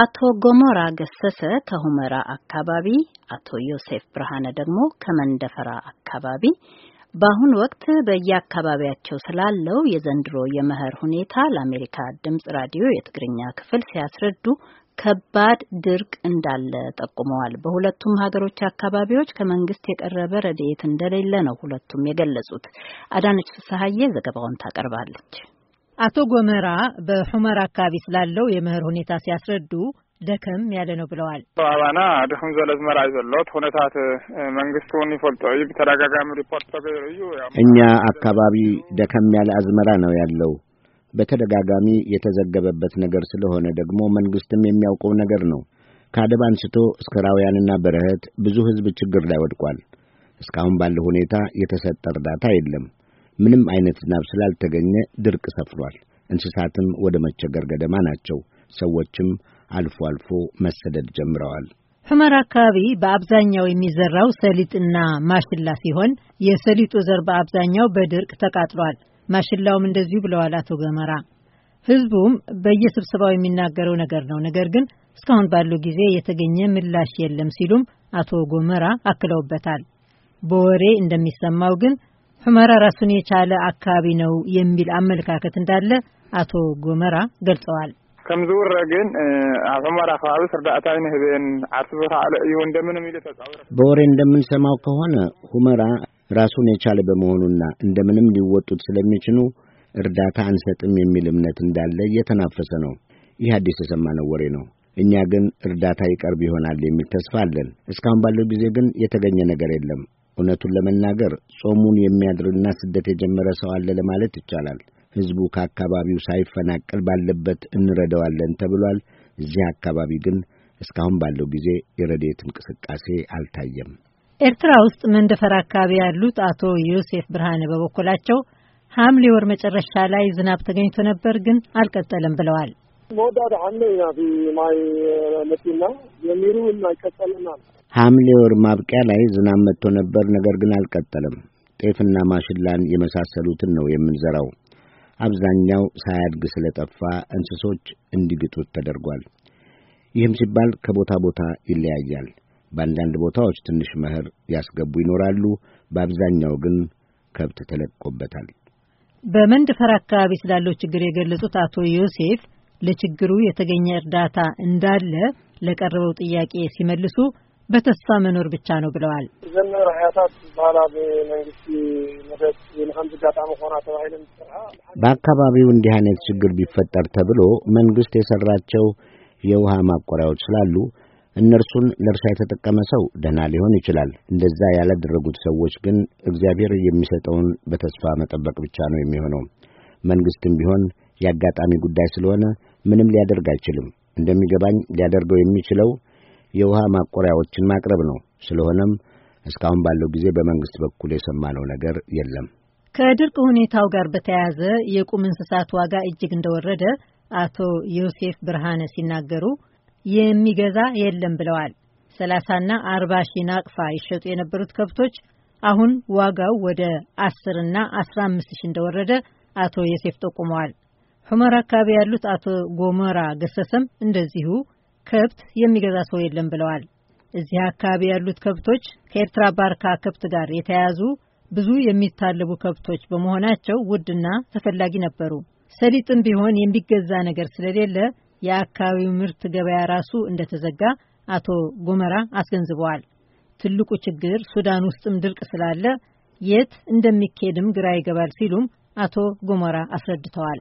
አቶ ጎሞራ ገሰሰ ከሁመራ አካባቢ፣ አቶ ዮሴፍ ብርሃነ ደግሞ ከመንደፈራ አካባቢ በአሁን ወቅት በየአካባቢያቸው ስላለው የዘንድሮ የመኸር ሁኔታ ለአሜሪካ ድምጽ ራዲዮ የትግርኛ ክፍል ሲያስረዱ ከባድ ድርቅ እንዳለ ጠቁመዋል። በሁለቱም ሀገሮች አካባቢዎች ከመንግስት የቀረበ ረድኤት እንደሌለ ነው ሁለቱም የገለጹት። አዳነች ፍስሀዬ ዘገባውን ታቀርባለች። አቶ ጎመራ በሑመራ አካባቢ ስላለው የመኸር ሁኔታ ሲያስረዱ ደከም ያለ ነው ብለዋል። አባና ድኹም ዘሎ ዝመራ ዘሎት ሁነታት መንግስት እውን ይፈልጦ እዩ ብተደጋጋሚ ሪፖርት ተገይሩ እዩ እኛ አካባቢ ደከም ያለ አዝመራ ነው ያለው በተደጋጋሚ የተዘገበበት ነገር ስለሆነ ደግሞ መንግስትም የሚያውቀው ነገር ነው። ከአደብ አንስቶ እስከ ራውያንና በረህት ብዙ ህዝብ ችግር ላይ ወድቋል። እስካሁን ባለው ሁኔታ የተሰጠ እርዳታ የለም። ምንም አይነት ዝናብ ስላልተገኘ ድርቅ ሰፍሯል። እንስሳትም ወደ መቸገር ገደማ ናቸው። ሰዎችም አልፎ አልፎ መሰደድ ጀምረዋል። ሑመር አካባቢ በአብዛኛው የሚዘራው ሰሊጥና ማሽላ ሲሆን የሰሊጡ ዘር በአብዛኛው በድርቅ ተቃጥሏል። ማሽላውም እንደዚሁ ብለዋል አቶ ገመራ። ህዝቡም በየስብሰባው የሚናገረው ነገር ነው። ነገር ግን እስካሁን ባለው ጊዜ የተገኘ ምላሽ የለም ሲሉም አቶ ጎመራ አክለውበታል። በወሬ እንደሚሰማው ግን ሁመራ ራሱን የቻለ አካባቢ ነው የሚል አመለካከት እንዳለ አቶ ጎመራ ገልጸዋል። ከም ዝውረ ግን ኣብ ሑመራ ከባቢ ስርዳእታይ ንህብን ዓርሱ እዩ እንደምንም ኢሉ ተፃውረ በወሬ እንደምንሰማው ከሆነ ሁመራ ራሱን የቻለ በመሆኑና እንደምንም ሊወጡት ስለሚችሉ እርዳታ አንሰጥም የሚል እምነት እንዳለ እየተናፈሰ ነው። ይህ አዲስ የሰማነው ወሬ ነው። እኛ ግን እርዳታ ይቀርብ ይሆናል የሚል ተስፋ አለን። እስካሁን ባለው ጊዜ ግን የተገኘ ነገር የለም። እውነቱን ለመናገር ጾሙን የሚያድርና ስደት የጀመረ ሰው አለ ለማለት ይቻላል። ሕዝቡ ከአካባቢው ሳይፈናቀል ባለበት እንረዳዋለን ተብሏል። እዚህ አካባቢ ግን እስካሁን ባለው ጊዜ የረድኤት እንቅስቃሴ አልታየም። ኤርትራ ውስጥ መንደፈር አካባቢ ያሉት አቶ ዮሴፍ ብርሃነ በበኩላቸው ሐምሌ ወር መጨረሻ ላይ ዝናብ ተገኝቶ ነበር፣ ግን አልቀጠለም ብለዋል። መወዳድ ሐምሌ ኢና ማይ መጢና የሚሩ አይቀጠልናል ሐምሌ ወር ማብቂያ ላይ ዝናብ መጥቶ ነበር፣ ነገር ግን አልቀጠለም። ጤፍና ማሽላን የመሳሰሉትን ነው የምንዘራው። አብዛኛው ሳያድግ ስለጠፋ እንስሶች እንዲግጡት ተደርጓል። ይህም ሲባል ከቦታ ቦታ ይለያያል። በአንዳንድ ቦታዎች ትንሽ መኸር ያስገቡ ይኖራሉ። በአብዛኛው ግን ከብት ተለቆበታል። በመንደፈር አካባቢ ስላለው ችግር የገለጹት አቶ ዮሴፍ ለችግሩ የተገኘ እርዳታ እንዳለ ለቀረበው ጥያቄ ሲመልሱ በተስፋ መኖር ብቻ ነው ብለዋል። ዘመር ሀያታት በኋላ በመንግስቲ መደት ንከምዚ ጋጣሚ ኮና ተባሂለን በአካባቢው እንዲህ አይነት ችግር ቢፈጠር ተብሎ መንግስት የሰራቸው የውሃ ማቆሪያዎች ስላሉ እነርሱን ለእርሻ የተጠቀመ ሰው ደህና ሊሆን ይችላል። እንደዛ ያላደረጉት ሰዎች ግን እግዚአብሔር የሚሰጠውን በተስፋ መጠበቅ ብቻ ነው የሚሆነው። መንግስትም ቢሆን የአጋጣሚ ጉዳይ ስለሆነ ምንም ሊያደርግ አይችልም። እንደሚገባኝ ሊያደርገው የሚችለው የውሃ ማቆሪያዎችን ማቅረብ ነው። ስለሆነም እስካሁን ባለው ጊዜ በመንግስት በኩል የሰማነው ነገር የለም። ከድርቅ ሁኔታው ጋር በተያያዘ የቁም እንስሳት ዋጋ እጅግ እንደወረደ አቶ ዮሴፍ ብርሃነ ሲናገሩ የሚገዛ የለም ብለዋል። ሰላሳና አርባ ሺህ ናቅፋ ይሸጡ የነበሩት ከብቶች አሁን ዋጋው ወደ አስርና አስራ አምስት ሺህ እንደወረደ አቶ ዮሴፍ ጠቁመዋል። ሑመራ አካባቢ ያሉት አቶ ጎመራ ገሰሰም እንደዚሁ ከብት የሚገዛ ሰው የለም ብለዋል። እዚህ አካባቢ ያሉት ከብቶች ከኤርትራ ባርካ ከብት ጋር የተያያዙ ብዙ የሚታለቡ ከብቶች በመሆናቸው ውድና ተፈላጊ ነበሩ። ሰሊጥም ቢሆን የሚገዛ ነገር ስለሌለ የአካባቢው ምርት ገበያ ራሱ እንደተዘጋ አቶ ጎመራ አስገንዝበዋል። ትልቁ ችግር ሱዳን ውስጥም ድርቅ ስላለ የት እንደሚኬድም ግራ ይገባል ሲሉም አቶ ጎመራ አስረድተዋል።